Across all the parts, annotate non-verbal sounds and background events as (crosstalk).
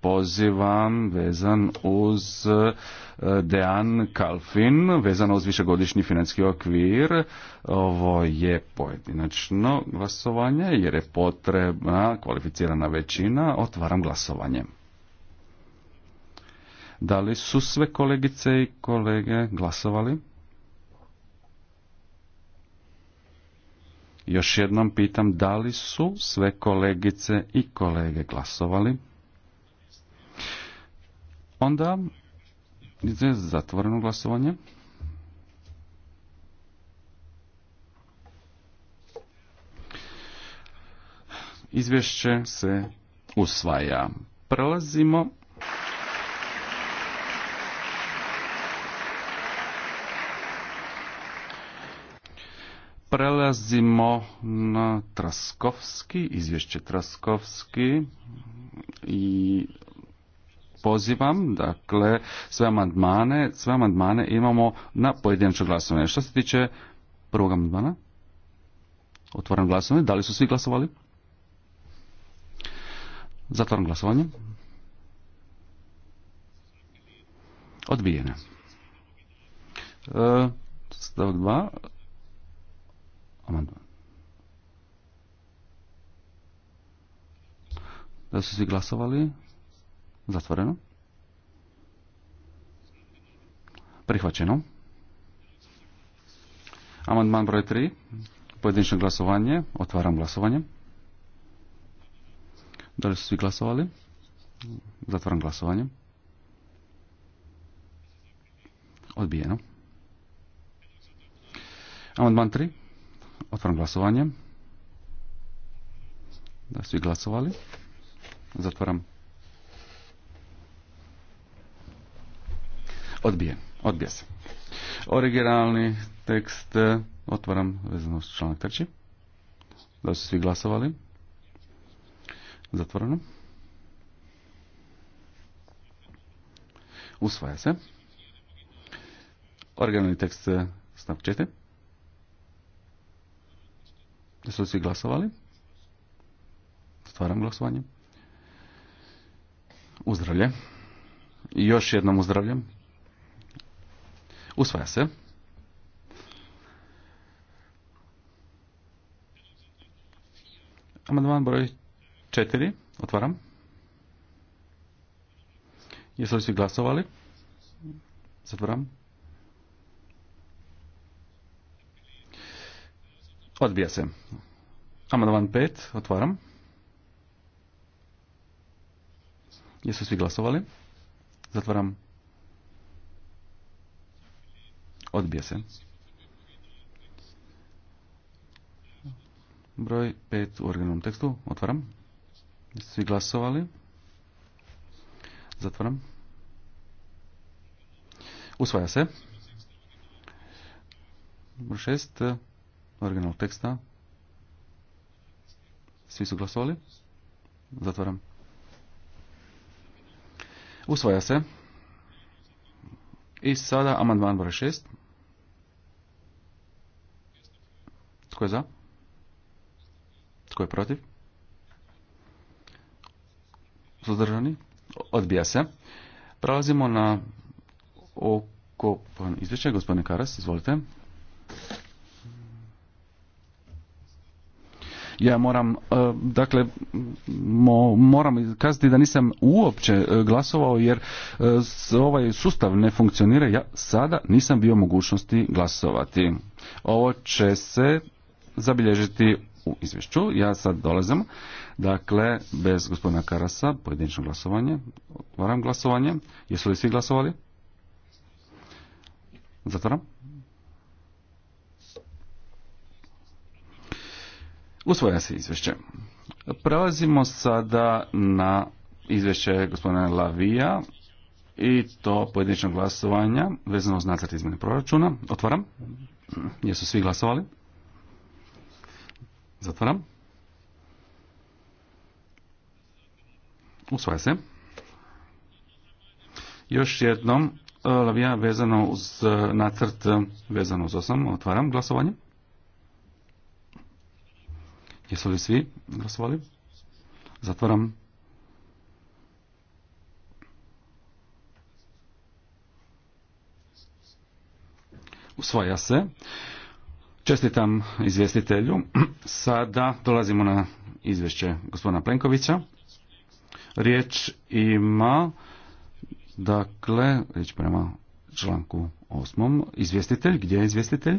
pozivam vezan uz e, Dean Kalfin, vezan uz višegodišnji financijski okvir. Ovo je pojedinačno glasovanje jer je potrebna kvalificirana većina. Otvaram glasovanje. Da li su sve kolegice i kolege glasovali? Još jednom pitam da li su sve kolegice i kolege glasovali. Onda je zatvoreno glasovanje. Izvješće se usvaja. Prelazimo Prelazimo na Traskovski, izvješće Traskovski i pozivam, dakle, sve amandmane, sve amandmane imamo na pojedinačno glasovanje. Što se tiče prvog amandmana, otvoram glasovanje, da li su svi glasovali? Zatvaram glasovanje. Odbijene. E, stavak 2 amandman. Da su svi glasovali? Zatvoreno. Prihvaćeno. Amandman broj 3. Pojedinično glasovanje. Otvaram glasovanje. Da li su svi glasovali? Zatvaram glasovanje. Odbijeno. Amandman tri. Otvaram glasovanje. Da svi glasovali. Zatvaram. Odbije. Odbija se. Originalni tekst otvaram vezano s članak treći. Da su svi glasovali. Zatvoreno. Usvaja se. Originalni tekst stav četiri Jesu svi glasovali? Stvaram glasovanje. Uzdravlje. I još jednom uzdravljam. Usvaja se. Amandman broj četiri. Otvaram. Jesu li svi glasovali? Zatvaram. Odbija se. Amandman 5. Otvaram. Jesu svi glasovali? Zatvaram. Odbija se. Broj 5 u originalnom tekstu. Otvaram. Jesu svi glasovali? Zatvaram. Usvaja se. Broj 6 original teksta. Svi su glasovali. Zatvaram. Usvaja se. I sada amandman broj 6. Tko je za? Tko je protiv? Suzdržani? Odbija se. Prelazimo na oko izvješće. Gospodine Karas, izvolite. Ja moram, e, dakle, mo, moram kazati da nisam uopće e, glasovao jer e, ovaj sustav ne funkcionira. Ja sada nisam bio mogućnosti glasovati. Ovo će se zabilježiti u izvješću. Ja sad dolazim. Dakle, bez gospodina Karasa, pojedinačno glasovanje. Otvaram glasovanje. Jesu li svi glasovali? Zatvaram. Usvoja se izvješće. Prelazimo sada na izvješće gospodina Lavija i to pojedinačno glasovanja vezano uz nacrt izmjene proračuna. Otvaram. Jesu svi glasovali? Zatvaram. Usvoja se. Još jednom, Lavija vezano uz nacrt, vezano uz osam, otvaram glasovanje. Jesu li svi glasovali? Zatvaram. Usvaja se. Čestitam izvjestitelju. (clears throat) Sada dolazimo na izvješće gospodina Plenkovića. Riječ ima, dakle, riječ prema članku osmom. Izvjestitelj, gdje je izvjestitelj?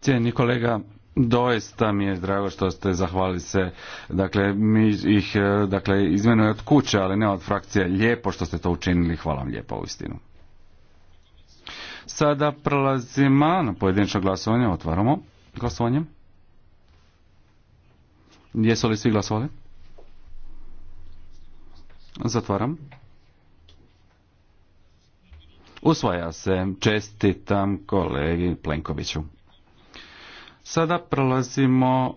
Cijeni kolega, Doista mi je drago što ste zahvali se, dakle, mi ih, e, dakle, izmenuje od kuće, ali ne od frakcije. Lijepo što ste to učinili, hvala vam lijepo u istinu. Sada prelazimo na pojedinačno glasovanje, otvaramo glasovanje. Jesu li svi glasovali? Zatvaram. Usvaja se. Čestitam kolegi Plenkoviću. Sada prolazimo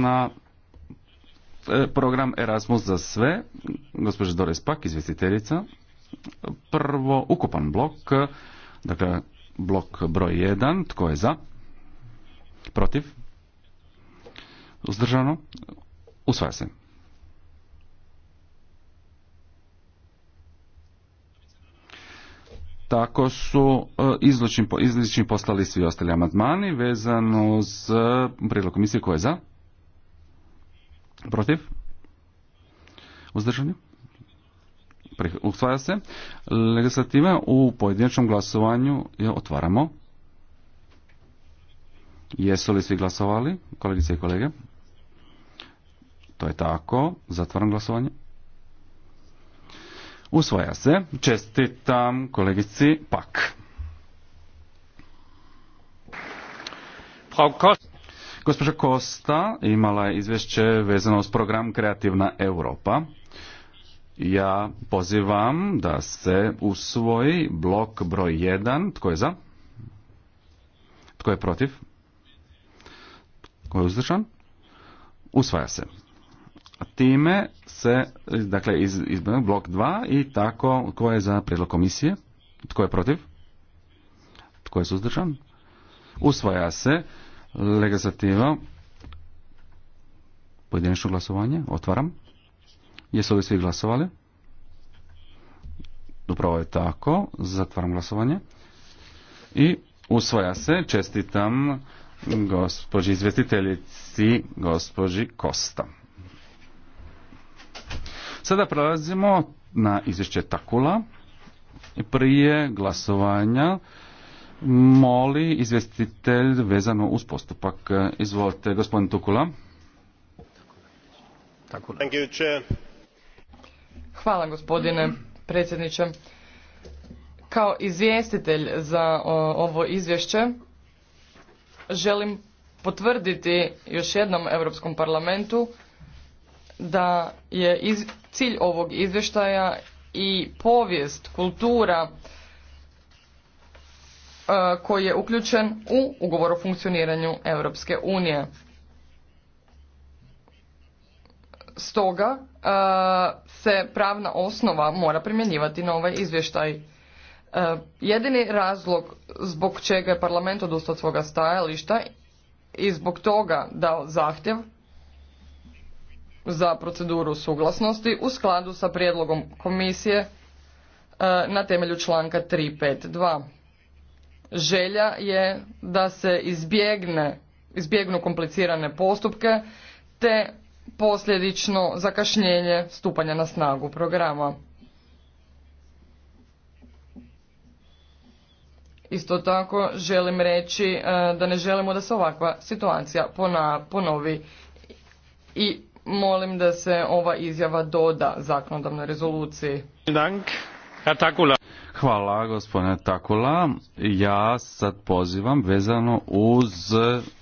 na e, program Erasmus za sve. Gospođa Doris Pak, izvjestiteljica. Prvo, ukupan blok, dakle, blok broj 1, tko je za? Protiv? Uzdržano? Usvaja se. tako su e, izlični poslali svi ostali amandmani vezano s e, prijedlog komisije koje je za? Protiv? Uzdržani? Usvaja se. Legislativa u pojedinačnom glasovanju je otvaramo. Jesu li svi glasovali, kolegice i kolege? To je tako. Zatvaram glasovanje. Usvaja se. Čestitam kolegici Pak. Gospođa Kosta imala je izvješće vezano uz program Kreativna Europa. Ja pozivam da se usvoji blok broj 1. Tko je za? Tko je protiv? Tko je uzdržan? Usvaja se. Time se, dakle, iz, iz blok 2 i tako, tko je za prijedlog komisije? Tko je protiv? Tko je suzdržan? Usvaja se legislativa pojedinačno glasovanje. Otvaram. Jesu li svi glasovali? Upravo je tako. Zatvaram glasovanje. I usvaja se. Čestitam gospođi izvjestiteljici, gospođi Kosta. Sada prelazimo na izvješće Takula. Prije glasovanja moli izvjestitelj vezano uz postupak. Izvolite, gospodin Tukula. Hvala gospodine predsjedniče. Kao izvjestitelj za ovo izvješće želim potvrditi još jednom Europskom parlamentu da je cilj ovog izvještaja i povijest, kultura e, koji je uključen u ugovor o funkcioniranju Europske unije. Stoga e, se pravna osnova mora primjenjivati na ovaj izvještaj. E, jedini razlog zbog čega je parlament odustao od svoga stajališta i zbog toga dao zahtjev za proceduru suglasnosti u skladu sa prijedlogom komisije e, na temelju članka 352. Želja je da se izbjegne, izbjegnu komplicirane postupke te posljedično zakašnjenje stupanja na snagu programa. Isto tako želim reći e, da ne želimo da se ovakva situacija ponovi i Molim da se ova izjava doda zakonodavnoj rezoluciji. Hvala gospodine Takula. Ja sad pozivam vezano uz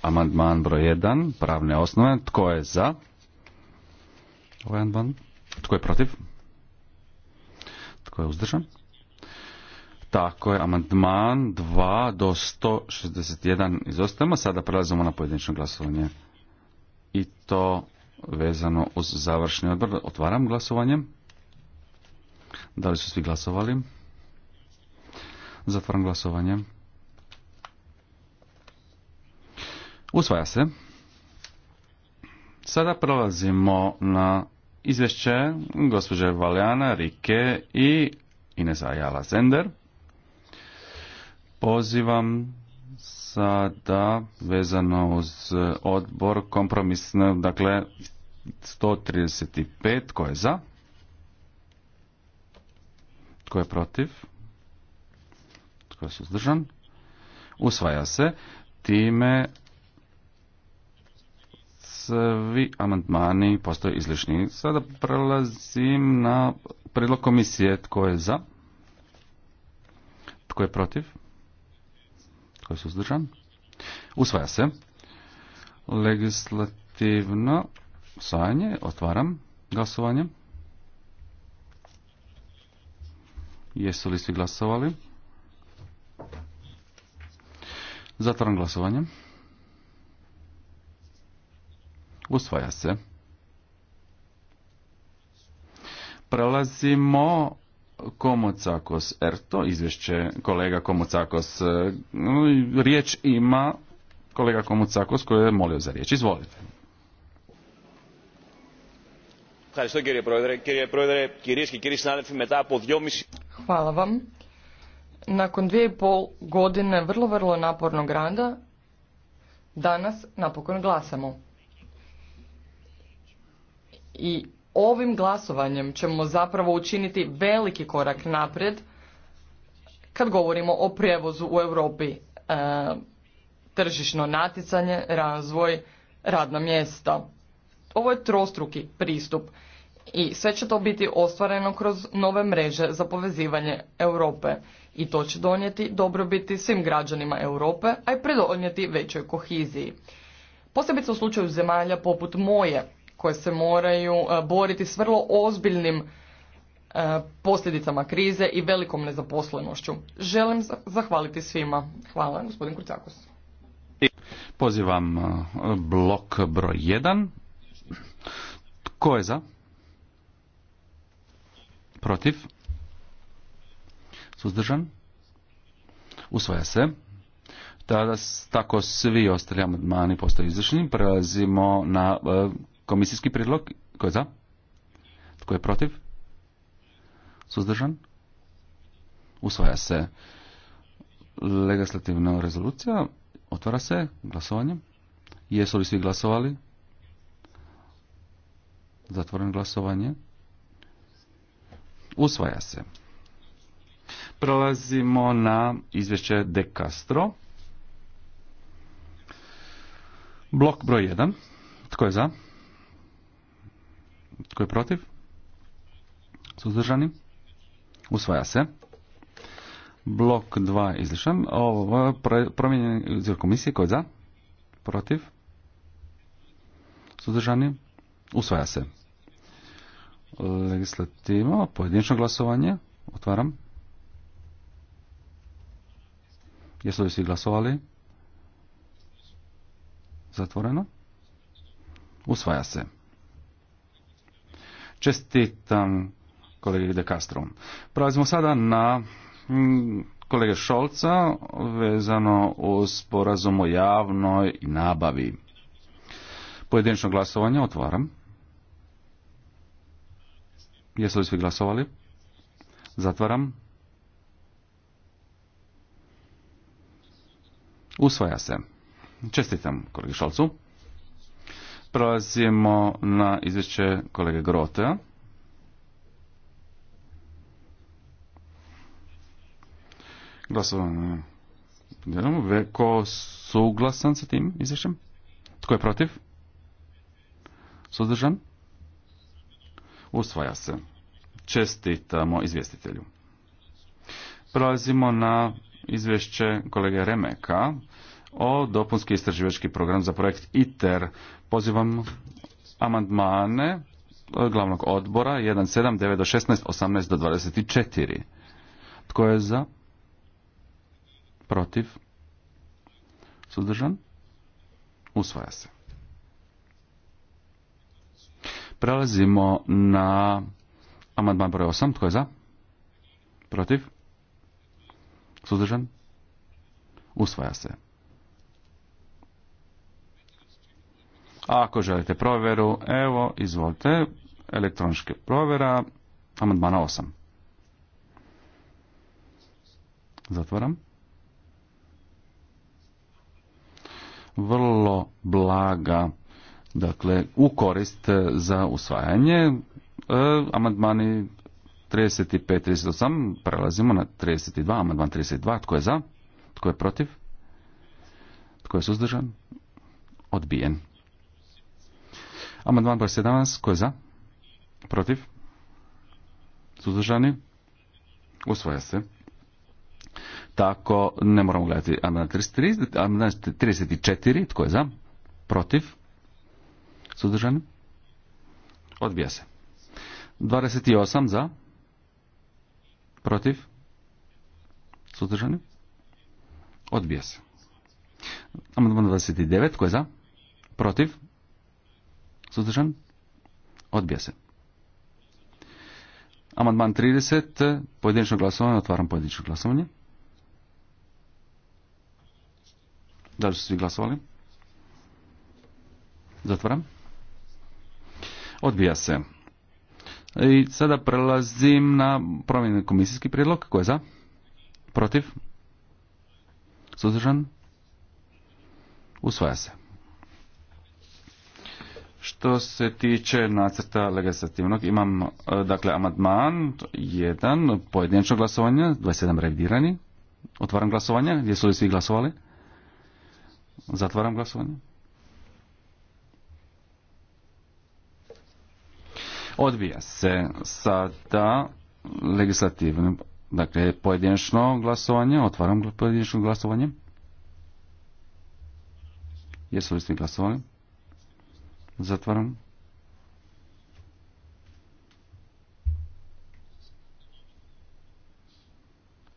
amandman broj 1, pravne osnove. Tko je za? Ovaj Tko je protiv? Tko je uzdržan? Tako je, amandman 2 do 161 izostajemo. Sada prelazimo na pojedinačno glasovanje. I to vezano uz završni odbor. Otvaram glasovanje. Da li su svi glasovali? Zatvaram glasovanje. Usvaja se. Sada prolazimo na izvješće gospođe Valjana, Rike i Ineza Ajala Zender. Pozivam sada vezano uz odbor kompromisno, dakle 135. Tko je za? Tko je protiv? Tko je suzdržan? Usvaja se. Time svi amandmani postoje izlišni. Sada prelazim na predlog komisije. Tko je za? Tko je protiv? Tko je suzdržan? Usvaja se. Legislativno Usvajanje. Otvaram glasovanje. Jesu li svi glasovali? Zatvaram glasovanje. Usvaja se. Prelazimo Komocakos Erto, izvješće kolega Komocakos. E, riječ ima kolega Komocakos koji je molio za riječ. Izvolite. Hvala vam. Nakon dvije i pol godine vrlo, vrlo napornog rada, danas napokon glasamo. I ovim glasovanjem ćemo zapravo učiniti veliki korak naprijed kad govorimo o prijevozu u Europi. E, tržišno natjecanje, razvoj, radna mjesta. Ovo je trostruki pristup i sve će to biti ostvareno kroz nove mreže za povezivanje Europe i to će donijeti dobrobiti svim građanima Europe, a i pridonijeti većoj kohiziji. Posebice u slučaju zemalja poput moje, koje se moraju e, boriti s vrlo ozbiljnim e, posljedicama krize i velikom nezaposlenošću. Želim zahvaliti svima. Hvala, gospodin Kurcakos. Pozivam e, blok broj Ko je za? Protiv? Suzdržan? Usvaja se. Tada tako svi ostali amandmani postaju izvršeni. Prelazimo na e, komisijski prijedlog. Tko je za? Tko je protiv? Suzdržan? Usvaja se legislativna rezolucija. Otvara se glasovanje. Jesu li svi glasovali? Zatvoren glasovanje. Usvaja se. Prelazimo na izvješće De Castro. Blok broj 1. Tko je za? Tko je protiv? Suzdržani? Usvaja se. Blok 2 izlišan. Ovo promijenjen izvješće komisije. Tko je za? Protiv? Suzdržani? Usvaja se. Legislativa, pojedinačno glasovanje. Otvaram. Jesu li svi glasovali? Zatvoreno. Usvaja se. Čestitam kolegi De Castro. Prelazimo sada na mm, kolege Šolca vezano uz sporazum o javnoj nabavi. Pojedinačno glasovanje otvaram. Jesu li svi glasovali? Zatvaram. Usvaja se. Čestitam kolegi Šalcu. Prelazimo na izvješće kolege Grotea. Glasovanje. veko suglasan sa tim izvješćem? Tko je protiv? Suzdržan? Usvaja se. Čestitamo izvjestitelju. Prelazimo na izvješće kolege Remeka o dopunski istraživački program za projekt ITER. Pozivam amandmane glavnog odbora 1.7, do 16, 18 do 24. Tko je za? Protiv? Suzdržan? Usvaja se. Prelazimo na amandman broj 8. Tko je za? Protiv? Suzdržan? Usvaja se. ako želite provjeru, evo, izvolite, elektroničke provjera, amandmana 8. Zatvaram. Vrlo blaga dakle u korist e, za usvajanje e, amandmani 35, 38, prelazimo na 32, amandman 32, tko je za, tko je protiv, tko je suzdržan, odbijen. Amandman broj 17, tko je za, protiv, suzdržani, usvoja se. Tako, ne moramo gledati amandman 34, tko je za, protiv, Suzdržani? Odbija se. 28 za? Protiv? Suzdržani? Odbija se. Amandman 29, tko je za? Protiv? Suzdržan? Odbija se. Amandman 30, pojedinačno glasovanje, otvaram pojedinačno glasovanje. Da li su svi glasovali? Zatvaram. Odbija se. I sada prelazim na promjeni komisijski prijedlog. Ko je za? Protiv? Suzdržan? Usvaja se. Što se tiče nacrta legislativnog, imam e, dakle amandman jedan pojedinačno glasovanje, 27 revidirani. Otvaram glasovanje, gdje su li svi glasovali? Zatvaram glasovanje. Odbija se sada legislativno, dakle pojedinačno glasovanje, otvaram pojedinačno glasovanje. Jesu li svi glasovali? Zatvaram.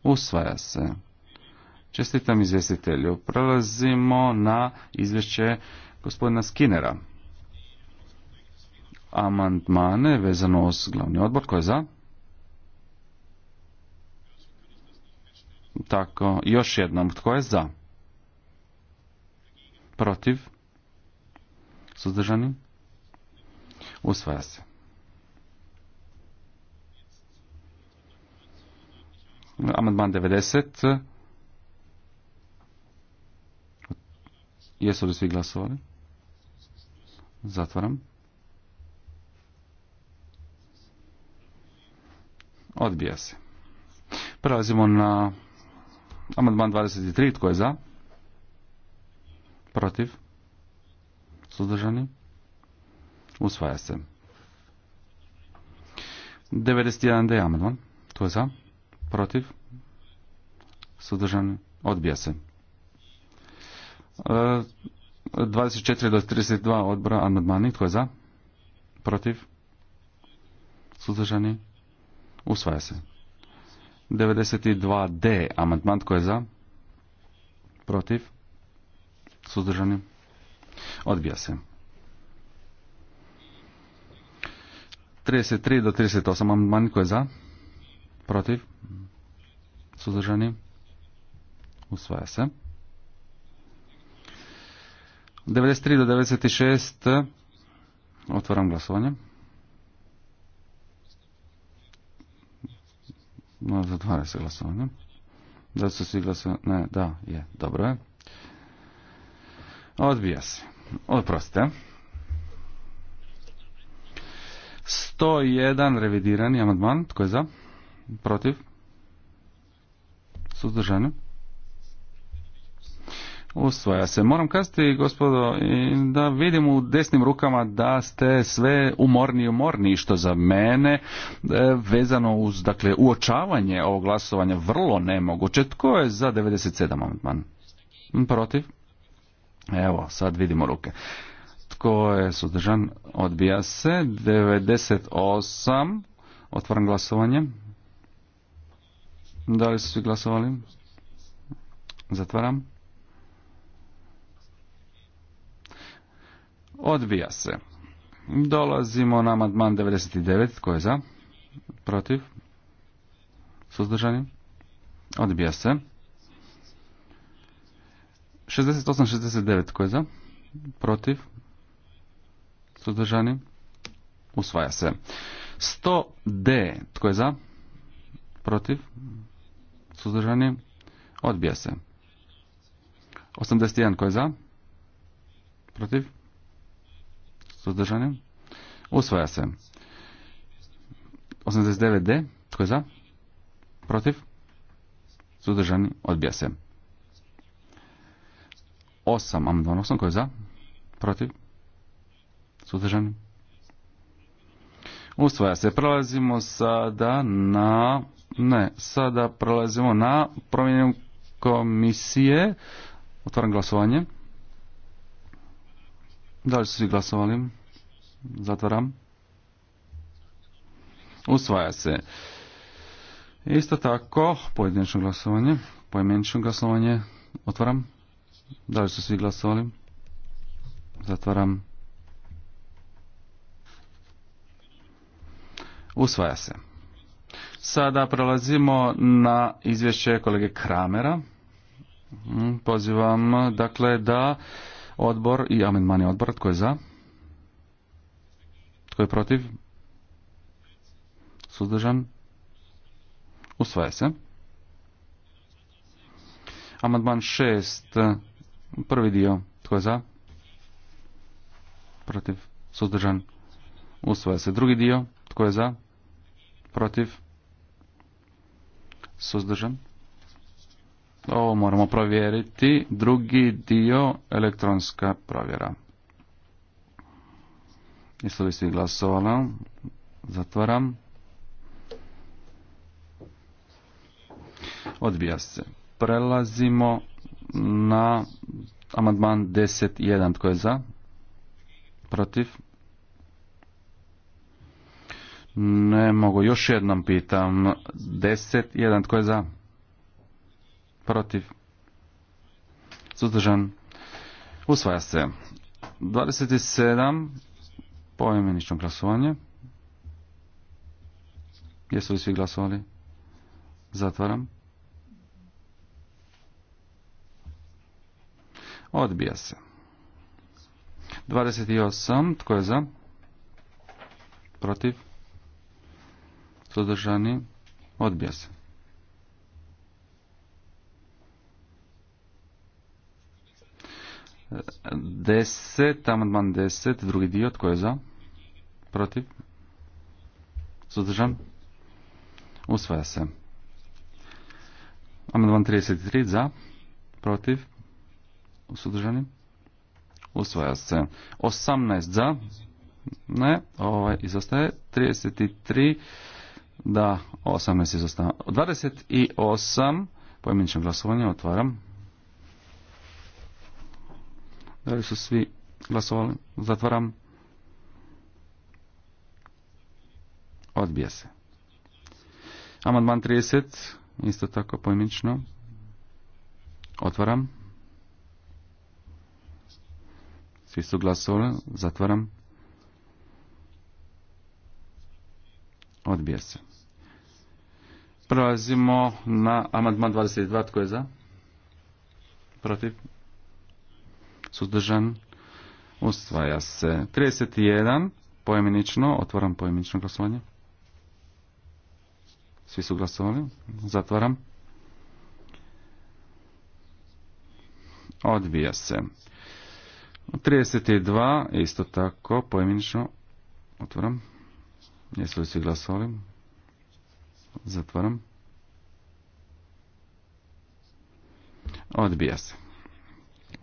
Usvaja se. Čestitam izvjestitelju. Prelazimo na izvješće gospodina Skinnera amandmane vezano uz glavni odbor. Tko je za? Tako, još jednom. Tko je za? Protiv? Suzdržani? Usvaja se. Amandman 90. Jesu li svi glasovali? Zatvaram. Odbija se. Prelazimo na amandman 23. Tko je za? Protiv? Suzdržani? Usvaja se. 91D amandman. Tko je za? Protiv? Suzdržani? Odbija se. 24 e, do 32 odbora amandmani. Tko je za? Protiv? Suzdržani? Usvaja se. 92D. Amandman tko je za? Protiv? Suzdržani? Odbija se. 33 do 38 amandman tko je za? Protiv? Suzdržani? Usvaja se. 93 do 96 otvaram glasovanje. No, zatvara se glasovanje. Da su svi glasovanje? Ne, da, je, dobro je. Odbija se. Oprostite. 101 revidirani amandman. Tko je za? Protiv? Suzdržani? Usvaja se. Moram kazati, gospodo, da vidim u desnim rukama da ste sve umorni i umorni, što za mene e, vezano uz dakle, uočavanje ovog glasovanja vrlo nemoguće. Tko je za 97 amandman? Protiv? Evo, sad vidimo ruke. Tko je suzdržan? Odbija se. 98. Otvaram glasovanje. Da li su svi glasovali? Zatvaram. Odbija se. Dolazimo na amandman 99. Tko je za? Protiv? Suzdržani? Odbija se. 68-69. Tko je za? Protiv? Suzdržani? Usvaja se. 100D. Tko je za? Protiv? Suzdržani? Odbija se. 81. Tko je za? Protiv? suzdržanim usvaja se. 89D, tko je za? Protiv? Suzdržani, odbija se. 8, amandman 8, tko je za? Protiv? Suzdržani? Usvaja se. Prelazimo sada na... Ne, sada prelazimo na promjenju komisije. Otvaram glasovanje. Da li su svi glasovali? Zatvaram. Usvaja se. Isto tako, pojedinačno glasovanje, Pojmenično glasovanje, otvaram. Da li su svi glasovali? Zatvaram. Usvaja se. Sada prelazimo na izvješće kolege Kramera. Pozivam, dakle, da odbor i amendmani odbora. Tko je za? Tko je protiv? Suzdržan? Usvaja se. Amandman šest. Prvi dio. Tko je za? Protiv? Suzdržan? Usvaja se. Drugi dio. Tko je za? Protiv? Suzdržan? Ovo moramo provjeriti. Drugi dio elektronska provjera. Jesu li svi glasovali? Zatvaram. Odbija se. Prelazimo na amandman 10.1. Tko je za? Protiv? Ne mogu. Još jednom pitam. 10.1. Tko je za? protiv, suzdržan, usvaja se. 27 poimenično glasovanje. Jesu li svi glasovali? Zatvaram. Odbija se. 28. Tko je za? Protiv? Suzdržani? Odbija se. 10, amandman 10, drugi dio, tko je za? Protiv? Sudržan? Usvaja se. Amandman 33, za? Protiv? Suzdržani? Usvaja se. 18 za? Ne, ovaj izostaje. 33, da, 18 izostaje. 28, pojmenično glasovanje, otvaram. Da li su svi glasovali? Zatvaram. Odbija se. Amandman 30, isto tako pojmično. Otvaram. Svi su glasovali. Zatvaram. Odbija se. Prelazimo na amandman 22. Tko je za? Protiv? suzdržan, usvaja se. 31, pojemenično, otvaram pojemenično glasovanje. Svi su glasovali, zatvaram. Odbija se. 32, isto tako, pojemenično, otvaram. Jesu li svi glasovali? Zatvaram. Odbija se.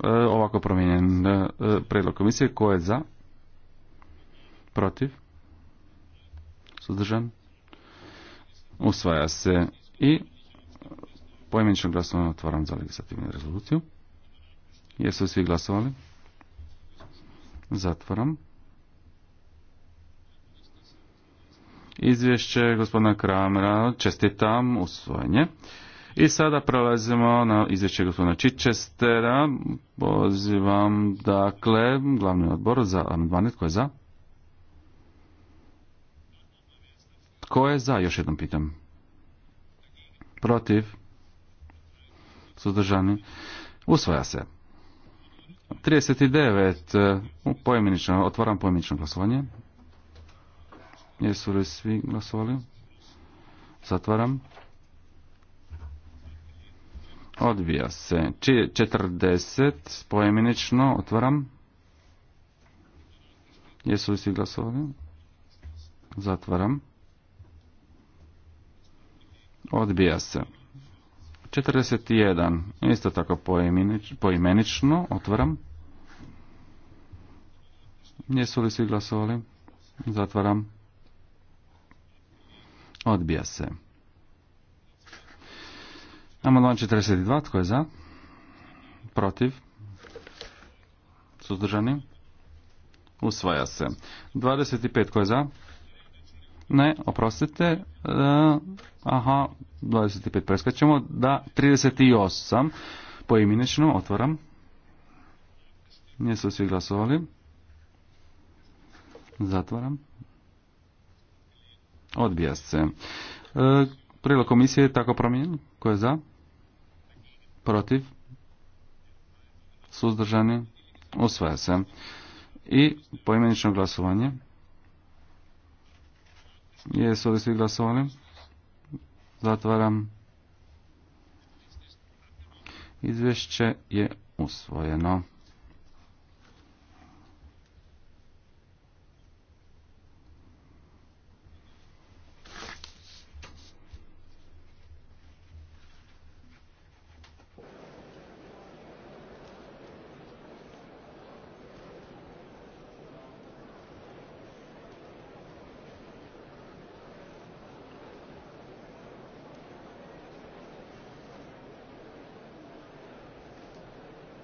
E, ovako promijenjen e, e, predlog komisije. Ko je za? Protiv? Suzdržan? Usvaja se i poimenično glasovanje otvaram za legislativnu rezoluciju. Jesu svi glasovali? Zatvaram. Izvješće gospodina Kramera čestitam usvojenje. I sada prelazimo na izvješće gospodina Čičestera. Pozivam, dakle, glavni odbor za amandmane. Tko je za? Tko je za? Još jednom pitam. Protiv? Suzdržani? Usvaja se. 39. E, pojeminično, otvaram pojeminično glasovanje. Jesu li svi glasovali? Zatvaram. Odbija se. Četrdeset. 40 otvaram. Jesu li svi glasovali? Zatvaram. Odbija se. jedan. Isto tako poimenično. Otvaram. Jesu li svi glasovali? Zatvaram. Odbija se. Amandman 42, tko je za? Protiv? Suzdržani? Usvaja se. 25, tko je za? Ne, oprostite. E, aha, 25 preskačemo. Da, 38. Poimenično otvaram. Nisu svi glasovali. Zatvaram. Odbija se. E, Prilog komisije je tako promijenjen. Ko je za? protiv, suzdržani, usvaja se. I poimenično glasovanje. Jesu li svi glasovali? Zatvaram. Izvješće je usvojeno.